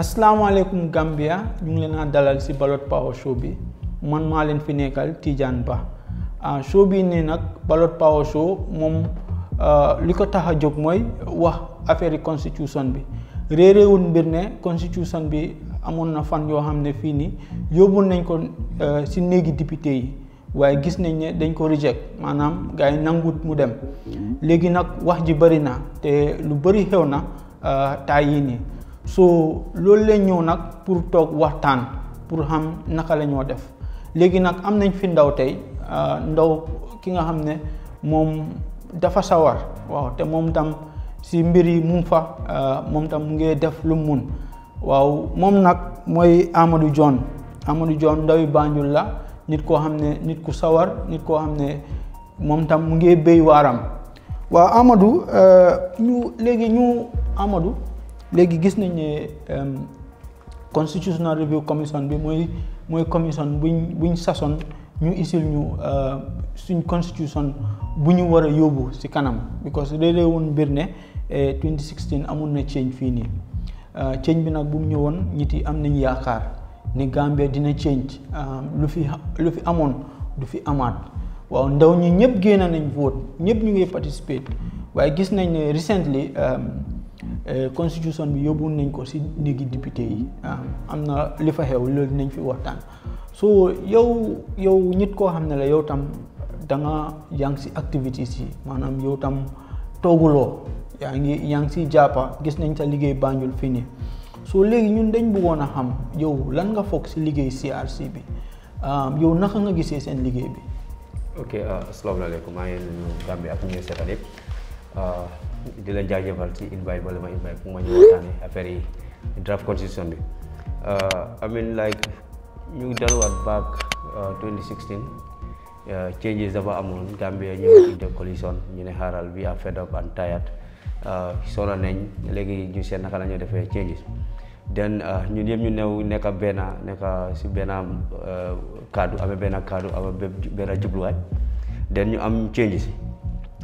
asalaamaaleykum Gambia ñu ngi leen a dalal si Ballot Power Show bi man maa leen fi nekkal Tijane Ba ah show bii nii nag Ballot Power Show moom ah, li ko tax a jóg mooy wax affaire yi constitution bi réeréewul mbir ne constitution bi amoon na fan yoo xam ne fii nii yóbbu nañ ko si ah, néegi député yi waaye gis nañ ne dañ ko reject maanaam gars yi nangut mu dem mm-hmm. léegi nag wax ji bari na te lu bari xew na ah, taay yii nii. so loolu lañ ñëw nag pour toog waxtaan pour xam naka la def léegi nag am nañ fi ndaw tey ah, ndaw ki nga xam ne moom dafa sawar waaw te moom tam si mbir yi mu fa ah, moom tam mu ngi def lu mun waaw moom nag mooy Amadou John Amadou John ndawi Banjul la nit koo xam ne nit ku sawar nit koo xam ne moom tam mu ngi béy waaram waaw amadu ah, léegi ñu Amadou léegi gis nañ ne euh, constitutional review commission bi mooy mooy commission buñ buñ sasoon ñu isil ñu euh, suñ constitution bu ñu war a yóbbu ci kanam because léeg-léeg woon mbir ne 2016 eh, amoon na change fii nii euh, change bi nag bu mu ñëwoon ñit yi am nañu yaakaar ni Gambia dina change lu fi lu fi amoon du fi amaat waaw ndaw ñi ñëpp génn nañ vote ñëpp ñu ngi participate waaye gis nañ ne recently Euh, constitution bi yóbbu nañ ko si néegi député yi ah, am na li fa xew loolu nañ fi waxtaan so yow yow nit koo xam ne la yow tam danga nga yaa ngi si yi maanaam yow tam tooguloo yaa ngi yaa ngi si jàppa gis nañ sa liggéey Banjul fii nii so léegi ñun dañ bëggoon a xam yow lan nga foog si liggéey CRC bi um, yow naka nga gisee seen liggéey bi ok ah, asalaamaaleykum maa di la jaajëfal ci invite bala ma invite pour ma ñu waxtaanee affaire yi draft constitution bi euh, I mean like ñu delluwaat back 2016 euh, euh, changes dafa amoon Gambia ñëw de ñu ne xaaral bi are fed up and tired sona nañ léegi ñu seet naka la defee changes then ñu yëpp ñu new nekka benn nekka si benn kaddu amee benn kaddu amee benn jubluwaay then ñu am changes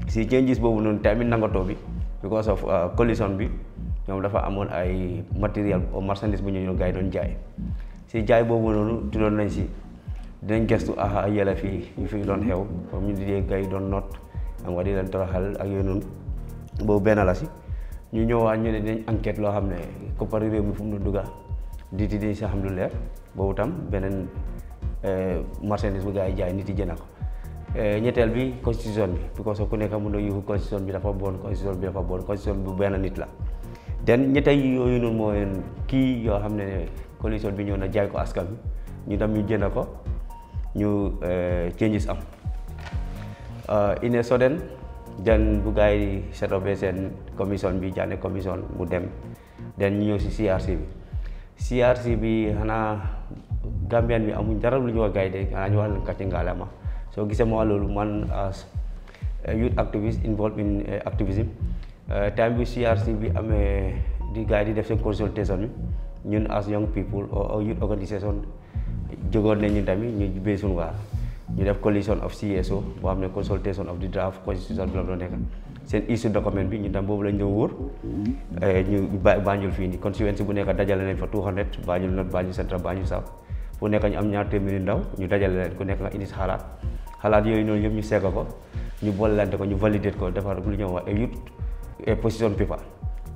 si changes bobu non tamit nangatoo bi because of uh, collision bi ñom dafa amone ay material au marchandise bu ñu ñu gay doon jaay si jaay bobu non noonu tuddoon nañ ci dañ gestu ah yela fi ñu fi doon xew ko ñu di gay yi doon noot xam nga di leen toroxal ak yooyu noonu boobu benn la ci ñu ñëwaat ñu ne dinañ enquête lo xamne ko koppari rew mi fu mu duga di di di sa xam lu leer bobu tam benen euh marchandise bu gay jaay nit di jënd ko Eh, ñetteel bi constitution bi because ku nekk mun na yuuxu constitution bi dafa bon constitution bi dafa bon constitution bi benn nit la den ñetteel yooyu noonu mooy kii yoo xam ne coalition bi ñëw na jaay ko askan ñu tam ñu jënd ko ñu eh, changes am eh, bu gars yi setopee seen commission bi jaane commission mu dem den ñu ñëw si CRC bi CRC bi xanaa Gambian bi amuñ dara lu ñu wax gars de xanaa ñu wax leen kàcce ngaalama soo gisee ma loolu man as youth activist involved in eh, activism eh, time bi CRC bi amee di gars yi di def seen consultation bi ñun as young people or youth organisation jógoon nañu tamit ñu béy suñu waar ñu def coalition of CSO boo xam ne consultation of the draft constitution bi la doon nekk seen issue document bi ñu tam boobu lañ doon wóor eh, ñu Banjul fii nii constituency bu nekk dajale nañ fa 200 Banjul North Banjul Central Banjul South fu nekk ñu am ñaar téeméeri ndaw ñu dajale leen ku nekk nga indi xalaat xalaat yooyu noonu yëpp ñu seega ko ñu boolante ko ñu valider ko defar lu ñëw wax youth position pipa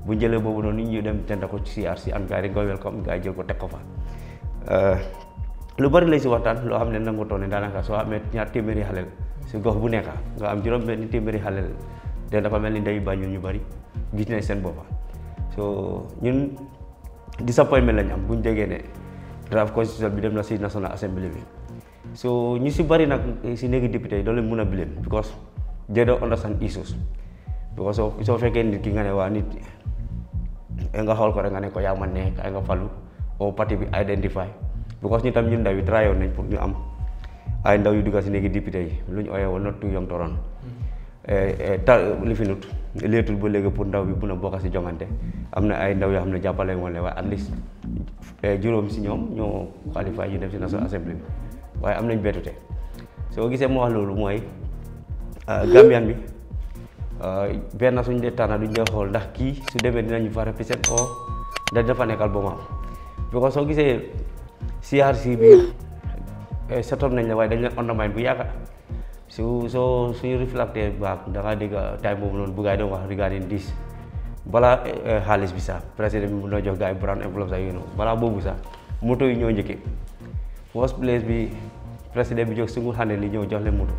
bu jëlee boobu noonu ñu dem tenda ko ci CRC am gars yi nga welcome gars yi jël ko teg ko fa lu bari lay si waxtaan loo xam ne nangu toone ne daanaka soo amee ñaar téeméeri xaleel si gox bu nekka nga am juróom benn téeméeri halal te dafa mel ni ndeyu ñu bari gis nañ seen boppa so ñun disappointment lañ am buñ déggee ne draft constitution bi dem na si national assembly bi so ñu nak bari nak ci néegi député do loolu mëna a because they don't understand issues because so soo kan, fekkee nit ki nga ne wa nit nga xol ko rek nga ne ko kan, ya ma nekk ay nga falu o oh, parti bi identify because ñi tam ñun ndaw yi trayoon nañ pour ñu am ay ndaw yu dugga ci néegi député yi luñ oyé oyee not too young to hmm. eh ta li fi nut léetul bo léegi pour ndaw bi buna na bokk si jongante am ay ndaw yo xamna ne won woon ne at least juróom ci ñom ñoo qualify ñu dem ci national assembly waye am nañ bettute so gisé mo wax lolu moy euh Gambian bi euh benn suñ dé tànn duñ dee xol ndax ki su démé dinañu fa represent ko da dafa nekkal ba mu am because soo gisee CRC bi euh setom nañ la waye dañ leen undermine bu yaaka su soo suñu reflecté ba da nga dégg time bobu non bu gaay do wax regarding this bala eh, xaalis bi sa président bi mu na jox gaay brown envelope sa yéno bala bobu sa moto yi ñoo ñëkke first place bi président bi jóg xam handed li ñëw jox leen moto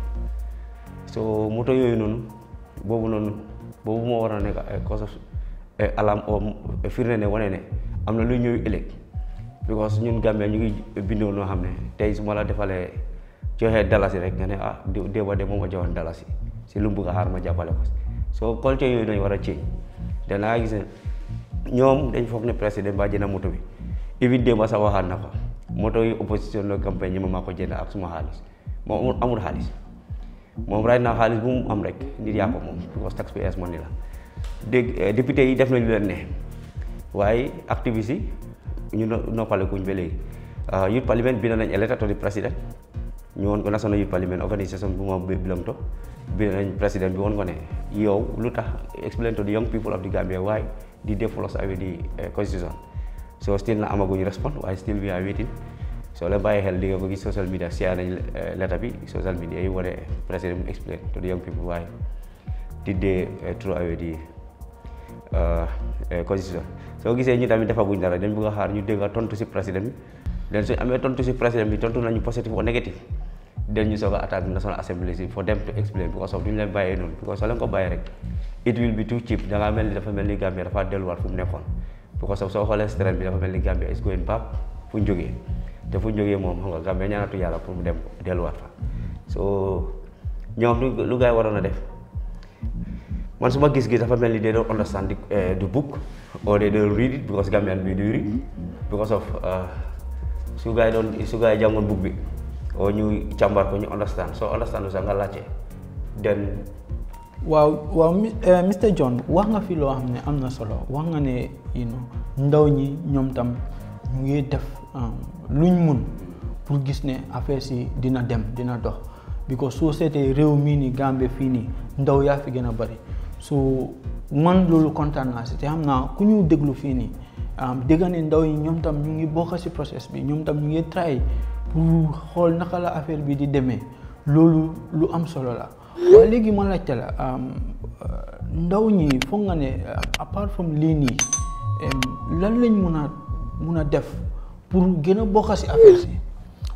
soo moto yooyu noonu boobu noonu boobu moo war a nekk cause of alarm o firnde ne wane ne am na lu ñëw ëllëg because ñun Gambia ñu ngi bindoo noo xam ne tey su ma la defalee joxee dalasi rek nga ne ah déba de moom a joxoon dalasi si lu mu bëgg xaar ma jàppale ko soo culture yooyu nañu war a change danaa gis ne ñoom dañ foog ne président ba jënd moto bi even démba sa waxaat na ko moto yi opposition lo campagne moom mako jël ak suma xaliss mo amul xaliss moom right now xaliss bu mu am rek nit ya ko moom because taxpayers money la deg eh, député yi def nañu len eh. né waye activiste yi ñu ah, ba youth parliament bind nañ a letter to president ñu won ko national yu parliament organisation bu ma bilam to bind nañ président bi won ko ne eh. yow lutax explain to the young people of the Gambia why di defollow avec di constitution so still na amaguñu respond I still we are waiting So la baye hel di ko gis social media si ana letter bi social media yi wane president explain to the young people why did they eh, throw away the eh, eh, constitution so gisee ñu tamit buñ dara dañ bëgg xaar ñu dégg tontu ci president bi den suñ amee tontu ci president bi tontu nañu positive ou negative dañ ñu soga attaque national assembly ci for them to explain because of duñ leen bàyyee non because so leen ko rek it will be too cheap da nga mel dafa melni ni Gambia dafa delluwaat fu mu ko saw so xoolee bi dafa mel Gambia is going back fu ñu jógee fu ñu jógee xam nga Gambia ñaanatu pour mu dem fa so ñoom lu lu gaay def man suma gis-gis dafa mel understand eh, the, book or they don't read it because Gambian bi du read because of uh, su gaay doon su gaay jàngoon book bi oo ñu ko ñu understand so understand sax nga laajte then waaw waaw Mr eh, John wax nga fi loo xam ne solo wax nga ne ndaw ñi ñoom tam ñu ngi def euh, luñ mun pour gis ne affaire si dina dem dina dox because soo seetee réew mii nii Gambie fii nii ndaw yaa fi gën a bari so man loolu kontaan naa si te xam naa ku ñu déglu fii nii dégg ne ndaw yi ñoom tam ñu ngi bokk si process bi ñoom tam ñu ngi try pour xool naka la affaire bi di demee loolu lu am solo la waaye léegi ma laajte la euh, ndaw ñi foog nga ne apart from lii nii lan lañ mun a mun a def pour gën a bokk si affaire si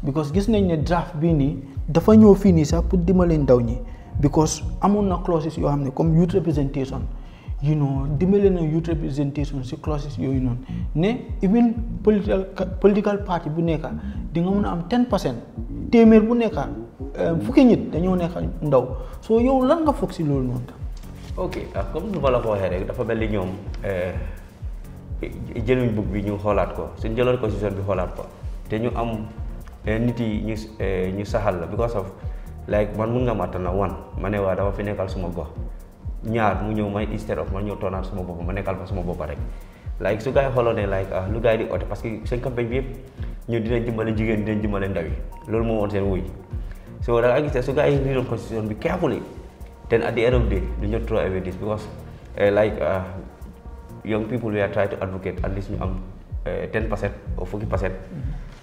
because gis nañ ne draft bi nii dafa ñëw fii nii sax pour dimbale ndaw ñi because amoon na clauses yoo xam ne comme youth representation you know dimbale na youth representation si clauses yooyu noonu ne even political political party bu nekka di nga mun a am ten percent téeméer bu nekka fukki nit dañoo nekk ndaw soo yow lan nga foog si loolu noonu. ok ah, comme nu ma la ko rek dafa mel ni ñoom. Eh, jëluñ bug bi ñu xoolaat ko suñ jëloon ko constitution bi xoolaat ko te ñu am eh, nit yi ñu eh, ñu saxal la because of like man mun nga màttal na wan ma ne waa dama fi nekkal suma gox ñaar mu ñëw may instead of man ñëw toonaat suma bopp ma nekkal fa suma boppa rek like su gars yi xooloo ne like ah, lu gars yi di oote parce que seen campagne bi yëpp ñu dinañ dimbale jigéen dinañ dimbale ndaw loolu moo woon seen wuy so da nga gis ne su gars yi riidoon constitution bi carefully then at the end of the day du ñu throw away this because eh, like ah, young people we are trying to advocate at least um, am eh, ten percent or mm -hmm.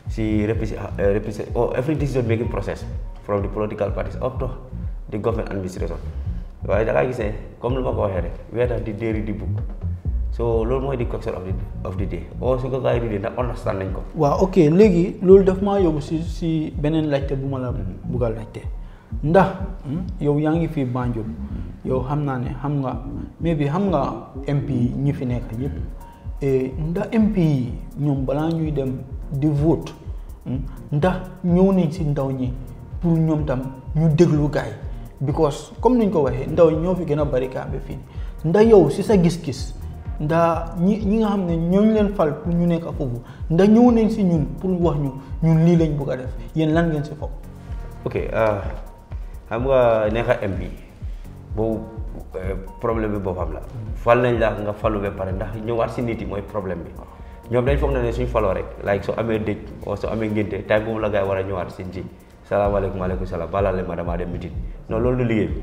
si represent eh, represent or oh, every decision making process from the political parties up to the government administration waaye da ngaa gis comme lu ma ko waxee rek we are di dairy di book so loolu mooy di question of the of the day oo oh, su ko gars yi di dee ndax understand nañ ko. waaw ok léegi loolu daf maa yóbbu si si beneen laajte bu ma la hmm. bugg a ndax yow yaa ngi fii Banjul yow xam naa ne xam nga mais bi xam nga MP yi ñi fi nekk ñëpp eh, ndax MP yi ñoom balaa ñuy dem di vote hmm, ndax ñëw nañ si ndaw ñi pour ñoom tam ñu déglu gaay because comme nuñ ko waxee ndaw ñoo fi gën a bari kaa ba fii ndax yow si sa gis-gis ndax ñi ñi nga xam ne ñooñu leen fal pour ñu nekk foofu ndax ñëw nañ si ñun pour wax ñu ñun lii lañ bëgg a def yéen lan leen si foog ah, xam nga nekk MP boobu eh, problème bi boppam la. fal nañ la nga falu ba pare ndax ñëwaat si nit yi mooy problème bi. ñoom dañ foog ne ne suñ faloo rek like soo amee dëj oo soo amee ngénte time boobu la gars yi war a ñëwaat si ji salaamaaleykum maaleykum salaam balaa leen ma damaa dem non loolu du liggéey bi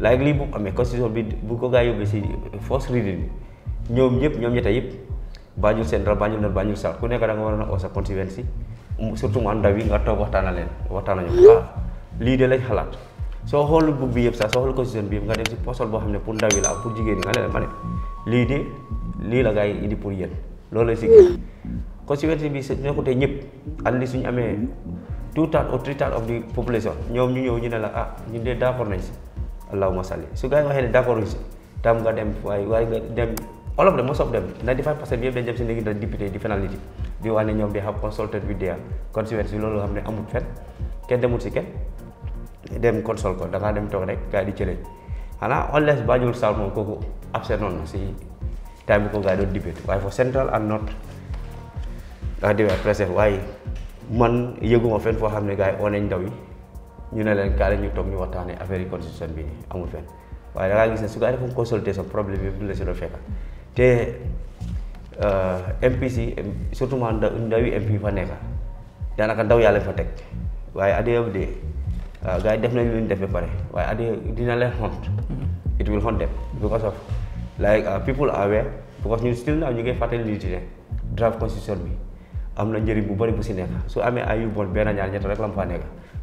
like lii bu amee constitution bi bu ko gars yóbbee si first reading bi ñoom ñëpp ñoom ñetta yëpp Banjul Central Banjul North Banjul South ku nekk da nga war a oo sa constituency surtout mu ndaw yi nga toog waxtaana leen waxtaana ñu ah lii de lañ xalaat so hol bu bi yeb sa so hol ko season bi nga dem ci posol bo xamne pour ndawi pour jigen nga leen mané li de li la gay indi pour yeen lolay ci ko ci wété bi c'est ñoko té ñepp andi suñu amé two third or three third of the population ñom ñu ñew ñu né la ah ñu dé d'accord nañ ci allahumma salli su gay waxé d'accord nañ ci tam nga dem way way nga dem all of them most of them na di fa passé bi yeb dañ jëm ci ligue négui député di finalité di wane ñom di have consulted kon ci constituency lolou xamné amul fête kenn demul ci kenn dem console ko da ngaa dem toog rek gars yi di cële xanaa unless Banjul Sall moom kooku absent noon na si time bi ko gars yi doon debate waaye for central and north daa di present waaye man yëguma fen foo xam ne gars yi oo nañ ndaw yi ñu ne leen kaale ñu toog ñu waxtaanee affaire yi constitution bi nii amul fenn waaye da ngaa gis ne su gars yi defoon consultation problème yëpp du la si doon fekka te euh, MPC surtout ma ndawi MP fa nekka daanaka ndaw yàlla fa teg waaye gaay def nañ lu def ba pare waaye adi dina leen hunt mm-hmm. it will hunt them because of like uh, people are aware because you still now ñu ngi fàttali lii ne draft constitution bi am na njëriñ bu bari bu si nekk su amee ay yu bon benn ñaar ñett rek la fa nekk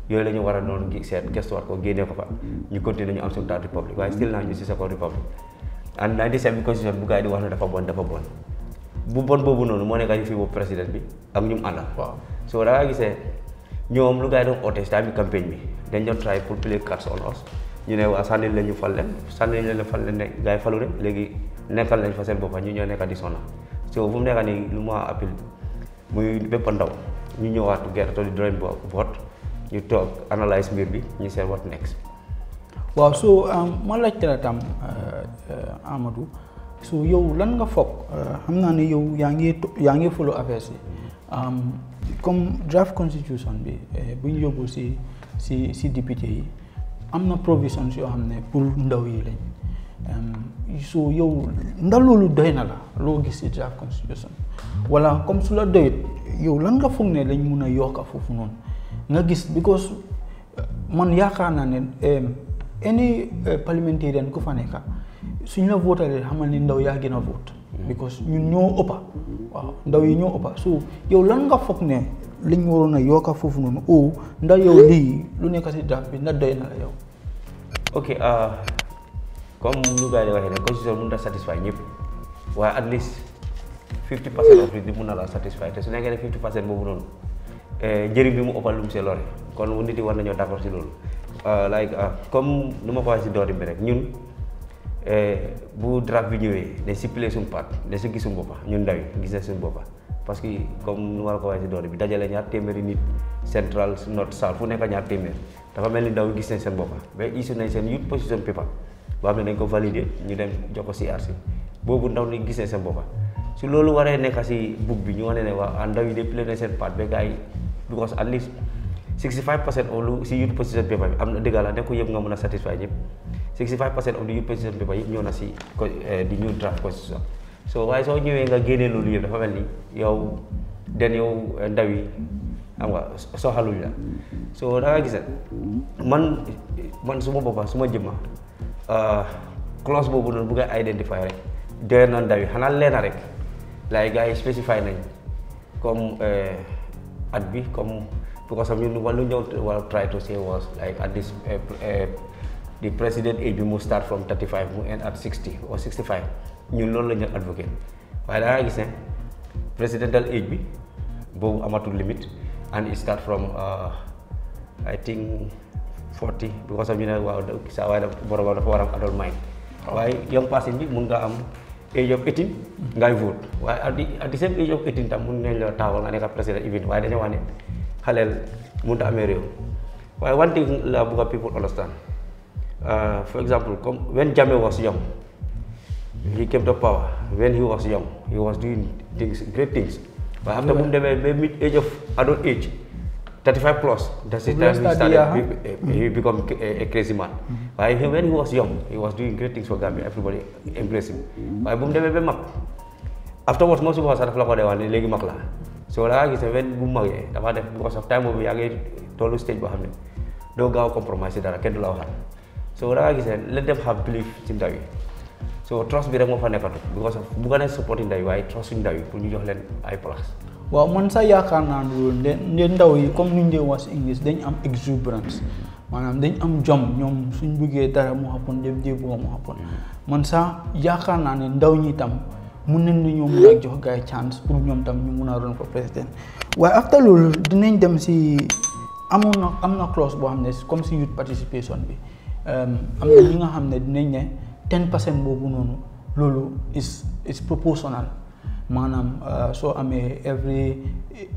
yooyu la ñu war a doon seet gestuwaat ko ko fa ñu continuer ñu am suñu taat république waaye still now ñu si second republic and 97 constitution bu gars di wax ne dafa bon dafa bon bu bon boobu noonu moo nekk ñu fi bu président bi ak ñu mu àndal waaw so da nga gisee ñoom lu gars yi doon oote time campagne bi dañ doon try pour play cards on us ñu ne waa sànni la ñu fal leen sànni la fal leen ne gars yi falu de léegi nekkal lañ fa seen boppa ñu ñoo nekka di sonna so fu mu nekka nii lu ma appel muy bépp ndaw ñu ñëwaat gerto di drawing board ñu toog analyse mbir bi ñu seet what next waaw so um, ma laajte la tam uh, uh, Amadou so yow lan nga foog uh, xam naa ne yow yaa ngi yaa ngi follow affaires yi um, comme draft constitution bi eh, bu ñu yóbbu si si si député yi am na provisions yoo xam ne pour ndaw yi lañ su yow ndax loolu doy na la loo gis si draft constitution wala comme su la doyut yow lan nga foog ne lañ mun a yokk foofu noonu nga gis because eh, man yaakaar naa ne any eh, parliamentarian ku fa nekk suñ la votalee xamal ni ndaw yaa gën a vote because ñun ñoo ëppa waaw ndaw yi ñoo ëppa so yow lan nga foog ne liñ waroon a yokka foofu noonu o oh, ndax yow lii lu nekk si draft bi na doy na la yow ok ah, comme ñu gars yi waxee ne constitution mun na satisfy ñëpp waaye at least fifty percent of di mun na la satisfy te su nekkee ne fifty percent boobu noonu eh, njëriñ bi mu ëppal lum mu see lore kon nit yi war nañoo d'accord si loolu ah, like ah, comme nu ma ko waxee si doori bi rek ñun Eh, bu draft bi ñëwee day sippile suñu paat day si gis suñu boppa ñun ndaw yi gis na suñu boppa parce que comme nu ma la ko waxee si door bi dajalee ñaar téeméeri nit central note sal fu nekk ñaar téeméer dafa mel ni ndaw gis nañ seen boppa ba issu nañ seen youth position paper boo xam ne dañ ko validé ñu dem jox ko si arsi boobu ndaw ni gis nañ seen boppa su loolu waree nekk si book bi ñu wane ne waa ah, ndaw yi de play nañ seen part ba gars yi because at least 65 yëpp 65 percent of the youth president paper yëpp ñëw na si eh, di new draft constitution so waaye soo ñëwee nga génnee loolu yëpp dafa mel ni yow den yow eh, ndaw yi xam nga soxaluñ la so da nga gis man man su ma boppam jëmma ah, clause boobu noonu bëgg a rek doy na ndaw yi xanaa leena rek laay gars yi nañ comme eh, at bi comme because of ñu wàllu ñëw try to say was like at this the president age bi mu start from 35 mu end at 60 or 65 ñun loolu lañu advocate waaye da nga gis ne presidential age bi boobu amatul limite and it start from uh, I think 40 because of ñu ne waaw saa waaye borom dafa war a am adult mind oh. waaye young person bi mun nga am age of 18 ngay vote waaye at the, at the same age of 18 tam mun nañ la taawal nga nekk president even waaye dañu wax ne xaleel mënut a amee réew waaye one thing la bëgg people understand Uh, for example, come when Jame was young, he came to power. When he was young, he was doing things, great things. But after yeah. the mid age of adult age, 35 plus, that's the time he started, uh huh? Eh, he, he became a, a crazy man. Mm -hmm. But he, when he was young, he was doing great things for Gambia, everybody embraced him. Mm -hmm. But boom, they were map. Afterwards, most people started flocking there and they mak lah. So like I said, when boom mak eh, because of time we are getting to stage behind him. Don't go compromise it, I can't do that. so da gisee gis ne let them have belief ci ndaw yi so trust bi rek moo fa nekkatu because of bu nga ne support ndaw yi waaye trust suñu ndaw yi pour ñu jox leen ay place waaw man sax yaakaar naa loolu nde nde ndaw yi comme ñu dee wax si english dañ am exuberance maanaam dañ am jom ñoom suñ bëggee dara mu xapoon def dee bëgg mu man sax yaakaar naa ne ndaw ñi tam mun nañ ne ñoom mun a jox gaay chance pour ñoom tam ñu mun a ron ko président waaye after loolu dinañ dem si amoon na am na clause boo xam ne comme si youth participation bi am na ñi nga xam ne dinañ ne ten percent boobu noonu loolu is is proportional maanaam euh, soo amee every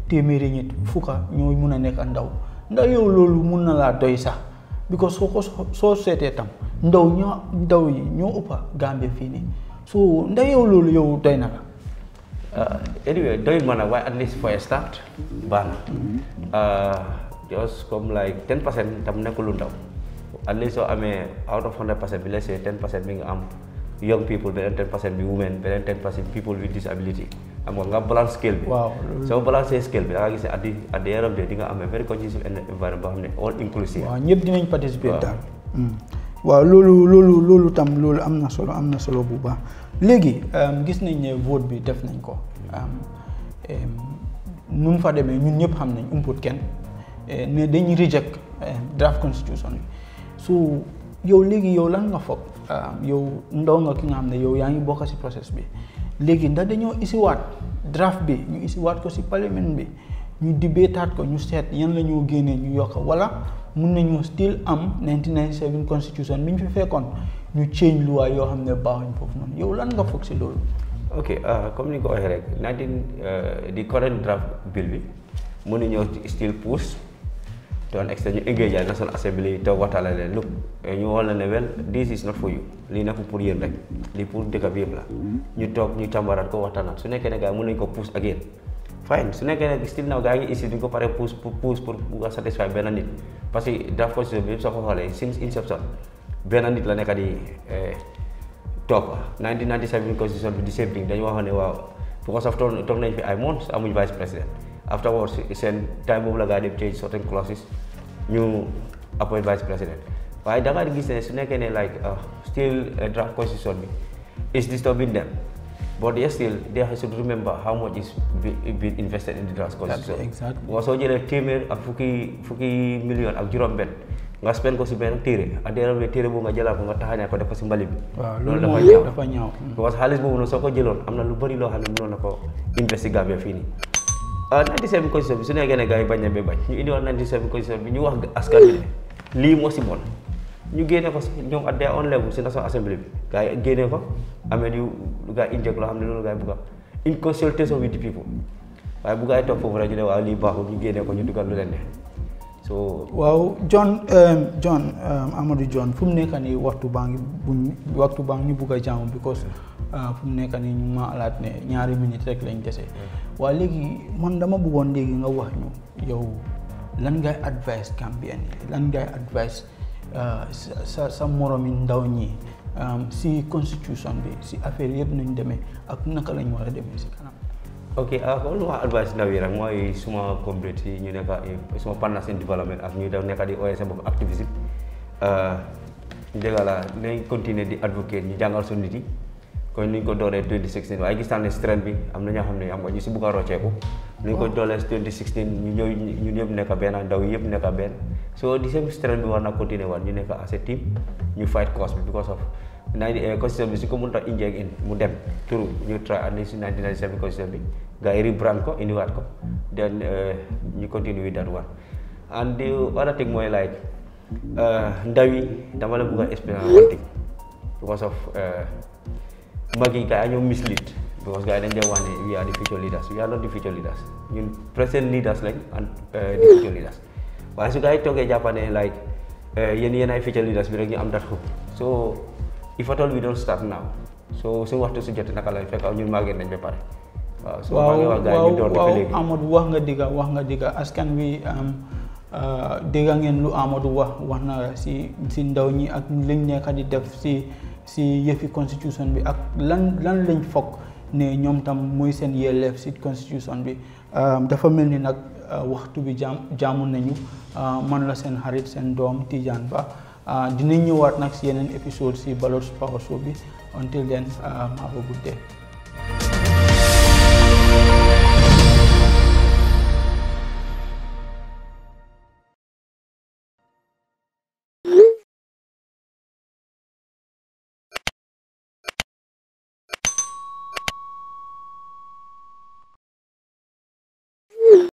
téeméeri nit fukka ñoo mun a nekk ndaw ndax yow loolu mun na laa doy sax because soo ko soo seetee tam ndaw ñoo ndaw yi ñoo ëppa Gambie fii nii so ndax yow loolu yow doy na la uh, anyway doyul ma nag waaye at least for a start baax na mm-hmm. uh, just comme like ten percent tam nekkul ndaw at least soo out of 100 percent bi 10 say ten bi nga am young people beneen 10 percent bi women beneen 10 percent people with disability am nga balance scale bi so balance scale bi da nga gis ne at the at the end di nga am a very conducive environment all inclusive wa ñepp dinañ participer daal wa hmm. lolu lolu lolu tam lolu amna solo amna solo bu légui euh um, gis nañ né vote bi def nañ ko um, euh mu fa démé ñun ñepp xam nañ umput kenn eh, né dañuy reject eh, draft constitution bi so yow léegi yow lan nga foog ah, yow ndox nga ki nga xam ne yow yaa ngi bokk si process bi léegi ndax dañoo isiwaat draft bi ñu isiwaat ko si parlement bi ñu dibéetaat ko ñu seet yan la ñoo génnee ñu yokk wala mun nañoo still am 1997 constitution bi ñu fi fekkoon ñu change loi yoo xam ne baaxuñ foofu noonu yow lan nga foog si loolu. ok ah, comme ni ko waxee rek 19 ah, di current draft bill bi mun nañoo still push. to an extent ñu engage ay National Assembly toog waxtaale leen look ñu wol na ne wel this is not for you lii nekkul pour yéen rek lii pour dëkk yëpp la ñu toog ñu càmbaraat ko waxtaanaat su nekkee ne gars yi mën nañu ko pousse ak yéen fine su nekkee ne still now gars yi ngi issue duñ ko pare pousse pour pousse pour nga satisfy benn nit parce que draft constitution bi yëpp soo ko xoolee since inception benn la nekk di topp 1997 constitution bi di same thing dañu waxoon ne waaw bu ko saf toog nañ fi ay months amuñ vice président afterwards seen time boobu la gaa dem change certain clauses new appoint vice president why da nga gis ne su nekkee ne like uh, still uh, draft constitution me, is disturbing them but yes still they should remember how much is been invested in the draft constitution exactly so jere téeméer ak uh, fuki fuki million ak jurom ben nga spend ko ci ben téere ak dee rek téere nga jala ko nga taxañaa ko def ko ci mbali bi. waaw loolu dafa ñaw dafa ñaw parce que xaalis boobu noonu soo ko lu bari lo xam ne nako na ko 97 constitution bi su nekkee ne gars yi bañ na ba bañ ñu indi woon 97 constitution bi ñu wax askan bi ne lii moo si bon ñu génne ko si ñoom at day on level si national assembly bi gars yi génne ko amee yu gars yi loo xam ne loolu gars yi bëgg une consultation with the people waaye bu gars yi toog foofu rek ñu ne waaw lii baaxul ñu génne ko ñu dugal lu leen ne so. waaw John um, John um, Amadou John fu mu nekk nii waxtu baa ngi buñ waxtu baa ngi ñu bugg a jaamu because Ah, fu nekk ni ñu ma alat ne ñaari minute rek lañ déssé wa légui man dama bëggoon légui nga wax ñu yow lan ngay advice Gambien lan ngay advice ah, sa sa moromi ndaw ñi ah, si constitution bi si affaire yëpp nañ démé ak naka lañ wara démé ci si kanam ok aku lu wax advice ndaw yi rek moy suma communauté ñu nekk suma partners development ak ñu def nekk di ooyee sa bopp activisme dëgg la nañ continuer di advocate ñu jangal suñu nit yi ko ni ko dooree 2016 waaye gis tane ne bi am na ñoo xam am wañu ci si bugg a ni ko dole 2016 ñu ñëw ñu yëpp nekk ben ndaw yëpp nekk ben so di sem strain bi war na continuer war ñu nekk as a team ñu fight cause bi because of nine eh, constitution bi ci ko ta indi ak in mu dem turu ñu try and ci 1997 constitution bi ga iri brand ko wat ko then ñu eh, continue with that one and the other thing mooy like ndaw eh, yi dama la bugg a explain because of bagi kaya ñu mislead because gars dañ dee wone we are the future leaders we are not the future leaders ñun present leaders lañ and eh, the future leaders waaye su gars yi toogee like like yeen yeen ay future leaders bi rek ñu am dat ko so if at all we don't start now so so waxtu su jotee naka lay fekk ñun màggee nañ ba paré waaw so màggee wax gars ñu doon Amadou wax nga diga wax nga diga askan wi dégg ngeen lu Amadou wax wax na si si ndaw ñi ak liñ nekk di def si si yëfi constitution bi ak lan lan lañ fokk ne ñoom tam muy seen yelleef si constitution bi euh, dafa mel ni nag euh, waxtu bi jaam jaamu nañu euh, mën la seen xarit seen doom Tijaan Ba dinañ ñëwaat nag si yeneen épisode si Ballot's Power Show bi until then have a